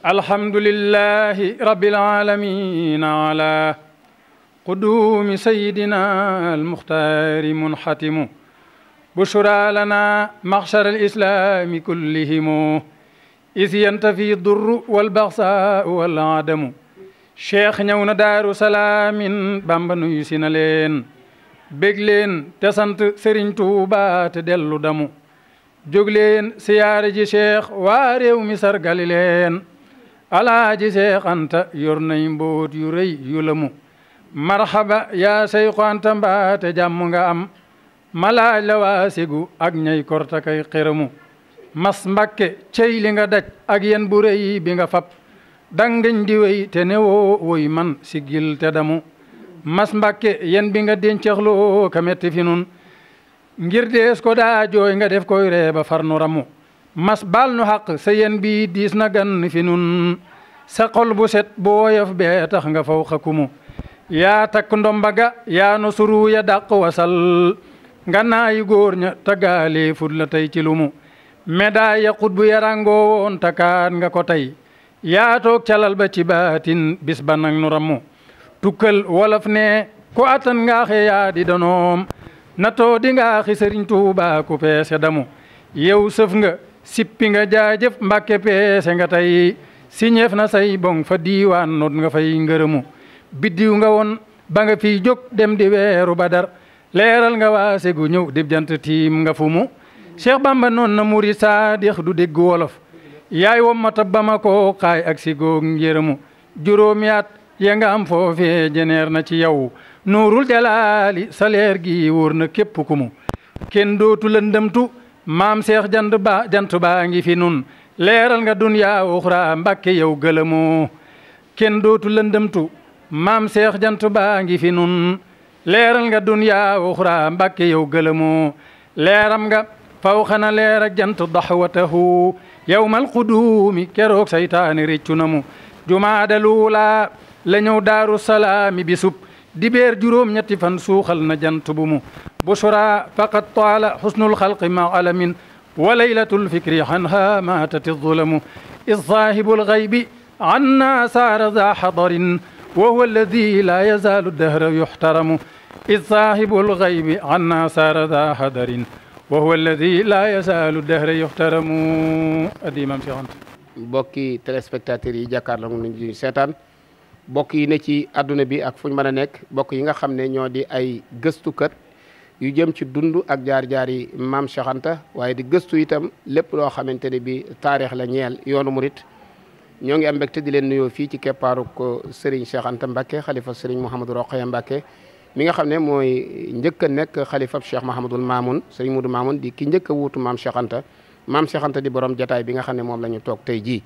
alhamdulillahi rabbil alamin ala qudumi sayyidina almuxtaari munxatimu bushra lana maxshar alislami kullihimu is yantafi durru walbaxsa waladamu cheikh ñëw na daaru salaamin bamba nuyu si na leen bég leen te sant sëriñ tuuba te dellu damu jóg leen siyaare ji cheikh waa réew mi sargali leen alaaji seex anta yor nay mbóot yu rëy yu la marxaba yaa seyxu anta mbaate jàmm nga am malaaj la waa ak ñay korta kay xeramu mas mbakke cey li nga daj ak yen bu rëy bi nga fab dangañ di te newoo woy man siggil te damu mas mbakke yen bi nga dencaxloo ka metti fi nun ngir dees ko daa jooy nga def koy ree ba farnu ramu mas baal nu xaq sa yen bi diis na gan fi nun sa xol bu set booyof bee tax nga faw xakumu yaa takk ndomba ga yaa nu suru ya dàq wasal nga naayi góor ña tagaalee fut la tey ci lumu médaille ya xut bu yarangoo woon takaan nga ko tey yaa toog calal ba ci baatin bis ba nag nu rammu tukkal wolof ne ko attan ngaaxe yaa di danoom natoo di ngaaxi sëriñ Tuubaa ku peese damu yow sëf nga sippi nga jaajëf mbàkke peese nga tey si ñeef na say bong fa diiwaan not nga fay ngërëmu biddiw nga woon ba nga fi jóg dem di weeru badar leeral nga waa segu ñëw dib jant tiim nga fu mu Cheikh Bamba noon na muri saadix du dégg wolof yaay wom mata bama ko xaay ak si góog njërëmu juróomi at ya nga am foofee jeneer na ci yow nuurul jalaali sa leer gi wóor na képp ku mu kenn dootu lëndëmtu maam seex jant ba jant baa ngi fi nun leeral nga dunyaa uxra mbàkke yow gëlëmoo kenn dootu lëndëmtu maam seex jant baa ngi fi nun leeral nga dunyaa uxra mbàkke yow gëlëmoo leeram nga faw xana leer ak jant daxwatahu yawmal quduumi keroog saytaane réccu na mu jumaada luula la ñëw daaru salaami dibeer juróom ñetti fan suuxal na jant bu mu bushra faqad taala xusnul xalqi ma alamin wa laylatul fikri anha maatati zulamu is saahibul gaybi anna saara za xadarin wa huwa alladi la yazaalu dahra yuxtaramu is saahibul gaybi anna saara za xadarin wa huwa alladi la yazaalu dahra yuxtaramu addi imam Cheikh Anta mbokki téléspectateurs yi jàkkaarloo nañu seetaan bokk yi ne ci àdduna bi ak fu ñu mën a nekk bokk yi nga xam ne ñoo di ay gëstukat yu jëm ci dund ak jaari jaari maam Cheikh waaye di gëstu itam lépp loo xamante ne bi taarix la ñeel yoonu murit ñoo ngi am mbégte di leen nuyoo fii ci keppaaruk ko sëriñ Anta Mbacke xalifa Serigne Mouhamadou Rokhaya Mbacke mi nga xam ne mooy njëkk nekk xalifab Cheikh Mouhamadoul Mamoun Serigne Moudou Mamoun di ki njëkk a wuutu maam Cheikh maam Cheikh di borom jataay bi nga xam ne moom la ñu toog tey jii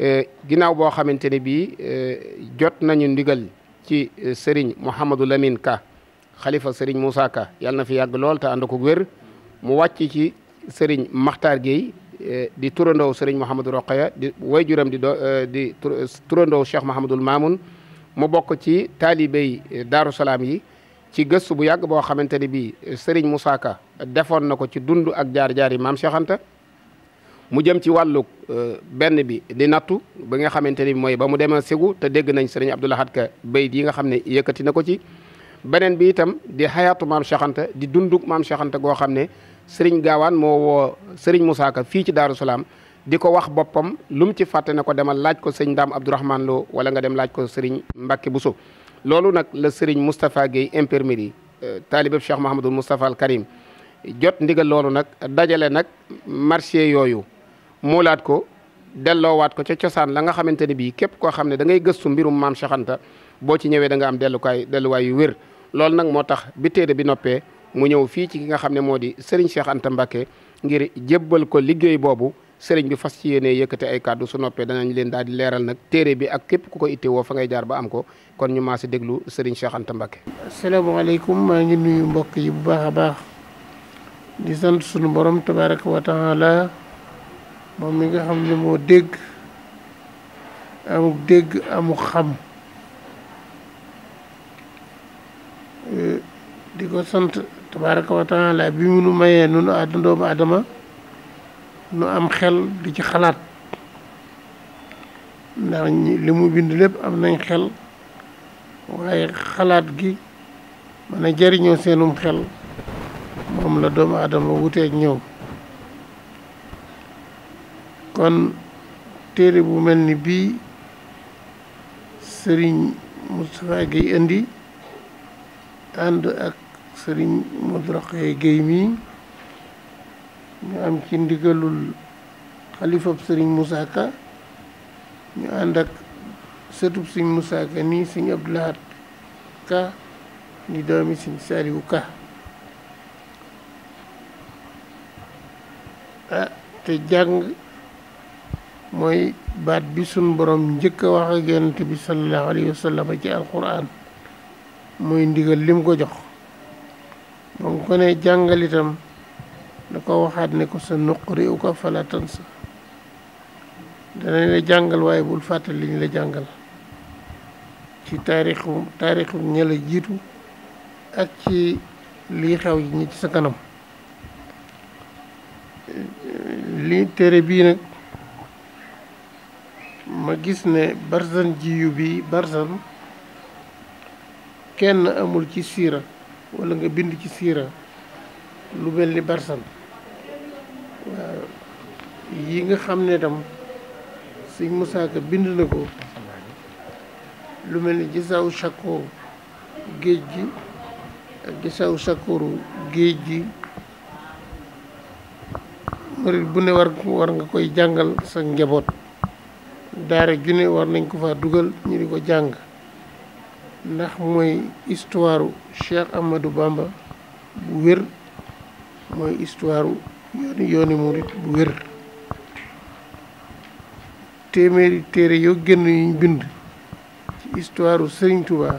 Euh, ginnaaw boo xamante ne bii euh, jot nañu ndigal ci euh, Serigne Mouhamadou Lamine Ka xalifa Serigne Moussa Ka yàlla na fi yàgg lool te ànd ko wér mu wàcc ci Serigne Makhtar Gueye di turandoo Serigne Mouhamadou Rokhaya di waajuram di do di turandoo Cheikh Mouhamadoul mu bokk ci taalibey Daaru Salaam yi ci gëstu bu yàgg boo xamante ni bii Serigne Moussa Ka defoon na ko ci dund ak jaar-jaar yi maam Cheikh mu jëm ci wàllu euh, benn bi di nattu ba nga xamante ni mooy ba mu demee Segu te dégg nañ sëriñ Abdou Lahad Ka bayit yi nga xam ne yëkkati na ko ci beneen bi itam di xayaatu maam Cheikh di dunduk maam Cheikh goo xam ne sëriñ gaawaan moo woo sëriñ Moussa fii ci Daaru Salaam di ko wax boppam lu mu ci fàtte na ko demal laaj ko sëñ Ndaam Abdourahman Lo wala nga dem laaj ko sëriñ Mbacke so loolu nag la sëriñ Moustapha Guèye imprimerie euh, taalibeb Cheikh Mahamadul Moustapha al Karim jot ndigal loolu nag dajale nag marché yooyu muulaat ko delloowaat ko ca cosaan la nga xamante ne bii képp koo xam ne da ngay gëstu mbirum maam Cheikh Anta boo ci ñëwee da am dellukaay delluwaay yu wér loolu nag moo tax bi téere bi noppee mu ñëw fii ci ki nga xam ne moo di Serigne Cheikh Anta ngir jébbal ko liggéey boobu sëriñ bi fas ci yéenee yëkkate ay kàddu su noppee danañ leen daal di leeral nag téere bi ak képp ku ko itte woo fa ngay jaar ba am ko kon ñu maa si déglu Serigne Cheikh Anta mbokk yi bu baax a baax moom mi nga xam ni moo dégg amuk dégg amu xam eh, di ko sant tabaraka wa taala bi mu nu mayee nu nu àdduna doomu adama nu am xel di ci xalaat ndax li mu bind lépp am nañ xel waaye xalaat gi mën a jëriñoo seenum xel moom la doomu adama wuteeg ñëw kon téere bu mel ni bii sëriñ Moustapha Guèye indi ànd ak sëriñ Modou Rokhaya mii ñu am ci ndigalul xalifab sëriñ Moussa Ka ñu ànd ak sëtub sëriñ Moussa Ka nii sëriñ Abdou Lahad Ka di doomi sëriñ Saliou Ka ah, te jàng mooy baat bi sun borom njëkk a wax ak yonent bi sallallahu alayhi wa sallam ci alquran ko jox ba mu ko ne jàngal da ko waxaat ne ko sa nuqri uka fala tansa danañ la jàngal waaye bul fàttali li ñu la jàngal ci taarixu taarixu ña jiitu ak ci lii xew yi ñi ci sa kanam li téere bii nag ma gis ne barzan jiyu bi barzan kenn amul ci siira walla nga bind ci siira lu mel ni barzan waaw yi nga xam ne tam sëñ Musaa Ka bind na ko lu mel ni gisaaw sakkoo géej gi ak gisaaw sakkooru géej gi murit bu ne war nga koy jàngal sa njaboot daara junne war nañ ko fa dugal ñu di ko jàng ndax mooy histoire Cheikh Ahmadou bàmba bu wér mooy histoire yooni yooni bu wér téeméeri téere yoo génn yuñ bind ci histoire Serigne Touba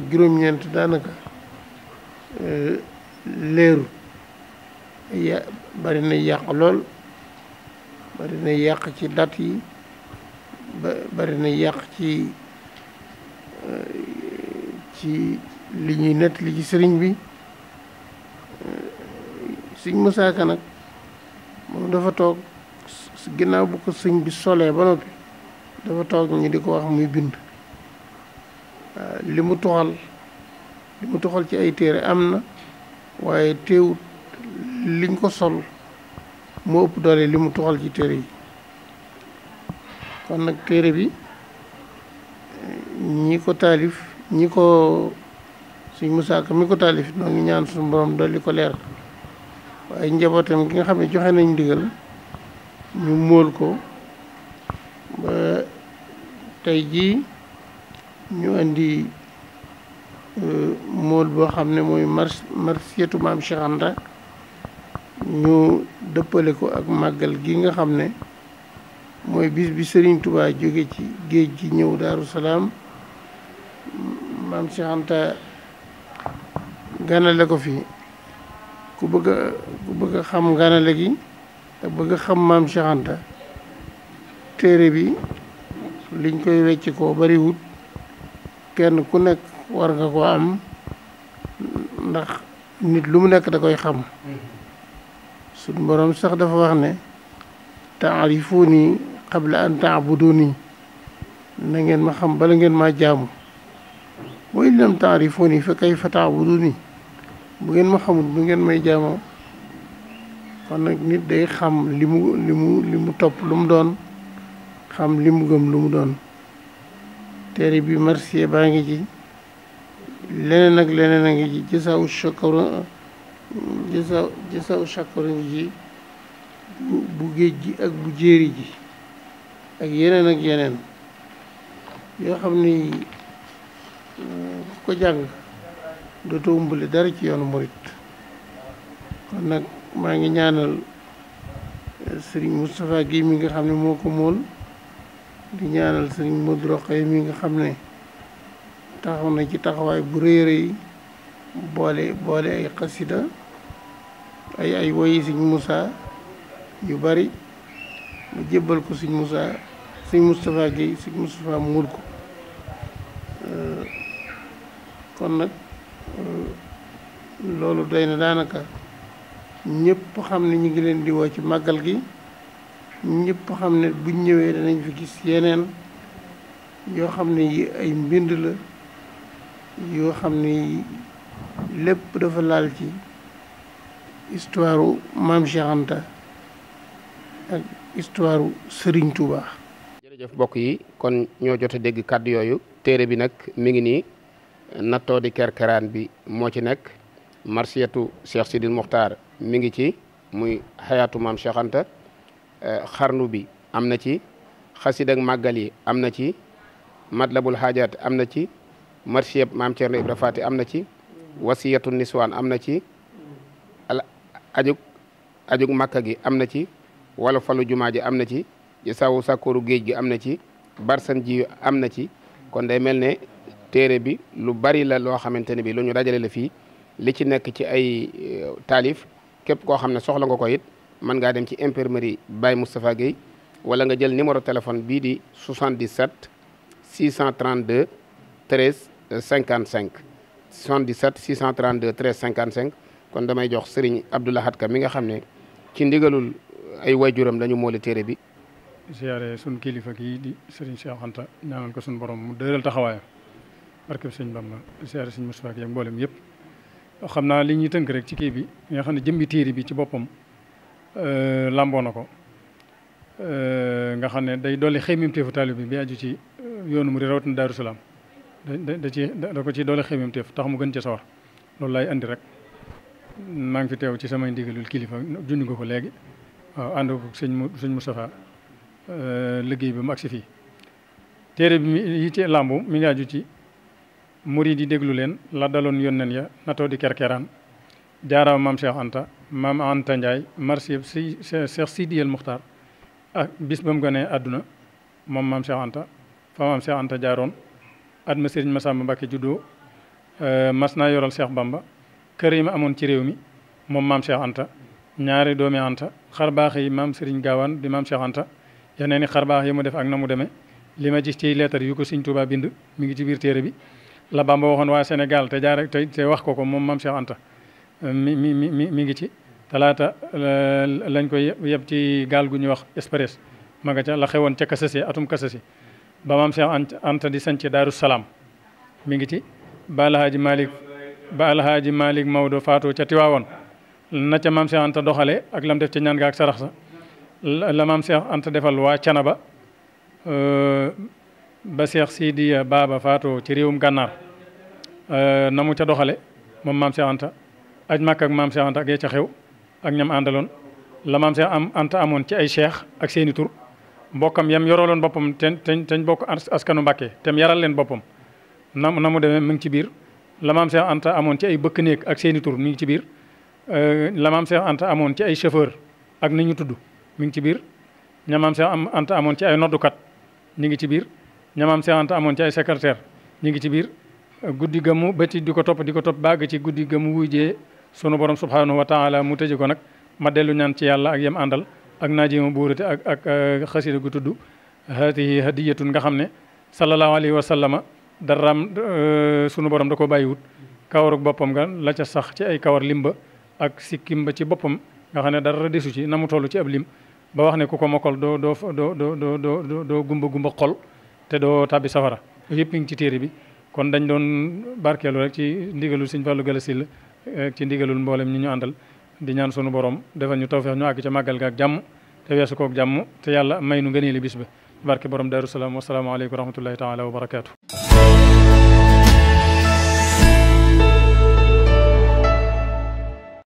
juróom-ñeent daanaka euh, leeru ya bari na yàq lool bari na yàq ci dat yi ba bari na yàq ci eh, ci li ñuy nett li ci sëriñ bi eh, sëñ Musaa Ka nag moom dafa toog ginnaaw bu ko sëñ bi solee ba noppi dafa toog ñu di ko wax muy bind eh, li mu toxal li mu toxal ci ay téere am na waaye teewut liñ ko sol moo ëpp doole li mu tuxal ci téere yi kon nag téere bi ñi ko taalif ñi ko suñ musaaka mi ko taalif noo ngi ñaan suñu borom dolli ko leer waaye njabootam ki nga xam ne joxe nañ ndigal ñu móol ko ba tey jii ñu andi euh, móol boo xam ne mooy mars marsiyatu maam Cheikh ñu dëppale ko ak màggal gi nga xam ne mooy bis bi Serigne Touba jóge ci géej gi ñëw Daaru Salaam maam Cheikh ganale ko fii ku bëgg ku bëgg xam ganale gi te bëgg a xam maam Cheikh téere bi liñ koy wecc koo bariwut kenn ku nekk war nga ko am ndax nit lu mu nekk da koy xam mm-hmm. suñ boroom sax dafa wax ne taarifuuni bu an nii na ngeen ma xam bala ngeen maa jaamu wa in lam ay fa kayfa taabuduuni bu ngeen ma xamul bu ngeen may jaamoo kon nag nit day xam li mu li mu li mu topp lu mu doon xam li mu gëm lu mu doon téere bi merci baa ngi ci leneen ak leneen a ngi ci jësaawu shakara ci saw ci saw sàkkorañ ji bu géej gi ak bu jéeri ji ak yeneen ak yeneen yoo xam ni euh, ko jàng dootoo umbale dara ci yoonu murit kon nag maa ngi ñaanal euh, sëriñ Moustapha gi mi nga xam ne moo ko mool di ñaanal sëriñ Modou Rokhaya mi nga xam ne taxaw na ci taxawaay bu rëy rëy boole boole ay xasida ay ay woyi sëñ Moussa yu bari mu jébbal ko sëñ Moussa sëñ Moustapha Guèye sëñ Moustapha muul ko kon nag loolu doy na daanaka ñëpp xam ne ñu ngi leen di woo ci màggal gi ñëpp xam ne buñ ñëwee danañ fi gis yeneen yoo xam ne yi ay mbind la yoo xam ne lépp dafa laal ci histoire u maam Cheikh Anta ak histoire u Serigne Touba. jërëjëf mbokk yi kon ñoo jot a dégg kàddu yooyu téere bi nag mi ngi nii nattoo di kerkeraan bi moo ci nekk marsiyatu Cheikh Sidil Muxtaar mi ngi ci muy xayaatu maam Cheikh eh, xarnu bi am na ci xasid ak màggal yi am na ci matlabul xaajaat am na ci marsiyab maam Cerno Ibra Faati am na ci. wasiyatu niswaan am na ci al ajug ajug makka gi am na ci wala falu jumaa ji am na ci ci sawu sàkkooru géej gi am na ci barsan ji am na ci kon day mel ne téere bi lu bari la loo xamante ne bi lu ñu dajale la fii li ci nekk ci ay euh, taalif képp koo xam ne soxla nga ko it mën ngaa dem ci imprimerie Baye Moustapha Guèye wala nga jël numéro téléphone bii di 77 632 13 cinq 77 632 13 55 kon damay jox Serigne Abdou Lahad Ka mi nga xam ne ci ndigalul ay juram lañu moole téere bi. ziare sun kilifa kii di Serigne Cheikh Anta ñaanal ko sun borom mu dëral taxawaayam barke Sëñ Bamba ziare Sëñ Moustapha ak mboolem yëpp. xam naa li ñuy tënk rek ci kii bi nga xam ne jëmbi téere bi ci boppam lamboo na ko nga xam ne day dolli xëymimteefu taalib bi bi aju ci yoonu mu di rawatina Daaru Salaam. da da ci da ko ci doole xemem teef tax mu gën ci sawar loolu laay andi rek maa ngi fi teew ci samay ndigalul kilifa junj nga ko léegi waaw ànd ko sëñ sëñ Moustapha euh, liggéey ba mu agsi fii téere bi yi ci làmbu mi ngi aju ci murid yi déglu leen la daloon yónneen ya natoo di kerkeraan jaaraama maam Cheikh Anta maam Anta Ndiaye marché si Cheikh Sidi El Muxtaar ak bis ba mu gënee àdduna moom maam Cheikh Anta fa maam Cheikh Anta jaaroon at ma sëriñ Massamba Mbacke juddoo euh, mas naa yoral Cheikh Bamba kër yi ma amoon ci réew mi moom maam Cheikh Anta ñaari doomi Anta xar baax yi maam sëriñ Gaawaan di maam Cheikh Anta yeneen i xar yi mu def ak na mu demee li ma gis ci leetar yu ko sëriñ Tuubaa bind mi ngi ci biir téere bi la Bamba waxoon waa Sénégal te jaare te wax ko ko moom maam Cheikh Anta mi mi mi mi ngi ci talaata euh, lañ koy yeb ci gaal gu ñuy wax Express ma nga ca la xewoon ca kasase atum kasase ba maam Cheikh Anta di sanc Daaru Salaam mi ngi ci ba Alhaaji Malick ba Alhaaji Malick Maodo faatoo ca Tiwaawoon na ca maam Cheikh Anta doxale ak lam def ca ñaan ga ak sarax sa la maam Cheikh Anta defal waa Canaba euh, ba Cheikh Sidiya Baba faatoo ci réewum gànnaar euh, na mu ca doxale moom maam Cheikh Anta aj màkk maam Cheikh Anta ak yee ca xew ak ñam àndaloon la maam Cheikh am Anta amoon ci ay cheikh ak seeni tur mbokkam yam yoroloon boppam te te teñ bokk askanu Mbàkke te mu yaral leen boppam na na mu demee mu ngi ci biir la maam Anta amoon ci ay bëkk néeg ak seeni tur mi ngi ci biir euh, la maam Anta amoon ci ay chauffeur ak ni ñu tudd mi ngi ci biir ña maam Cheikh Anta amoon ci ay noddukat ñu ngi ci biir ña maam Cheikh Anta ci ay secrétaire ñu ngi ci biir guddi gamu ba ci di ko topp di ko topp bàgg ci guddi gamu wujjee sunu borom subhanahu wa taala mu tëje ko nag ma dellu ñaan ci yàlla ak yem àndal ak naajima buurate ak ak euh, xasida gu tudd haatihi hadiyatun nga xam ne sallallahu alayhi wa sallama daraam euh, sunu borom da ko bàyyiwut kawaruk boppam nga la ca sax ci ay kawar limba ak sikkim ba ci boppam nga xam ne dara desu ci na mu toll ci ab lim ba wax ne ku ko mokkal doo doo doo doo doo doo gumba gumba xol te doo tabbi safara yëpp ngi ci téere bi kon dañ doon barkeelu rek ci ndigalul Sëñ Fallu Galasil la euh, ci ndigalul mboolem ñu ñu àndal di ñaan sunu borom defal ñu tawfeex ñu àgg ca màggal ga ak jàmm te weesu koog jàmm te yàlla may nu ngëneeli bis ba barke borom Daaru Salaam wasalaamaaleykum wa rahmatullahi taala wa barakaatu.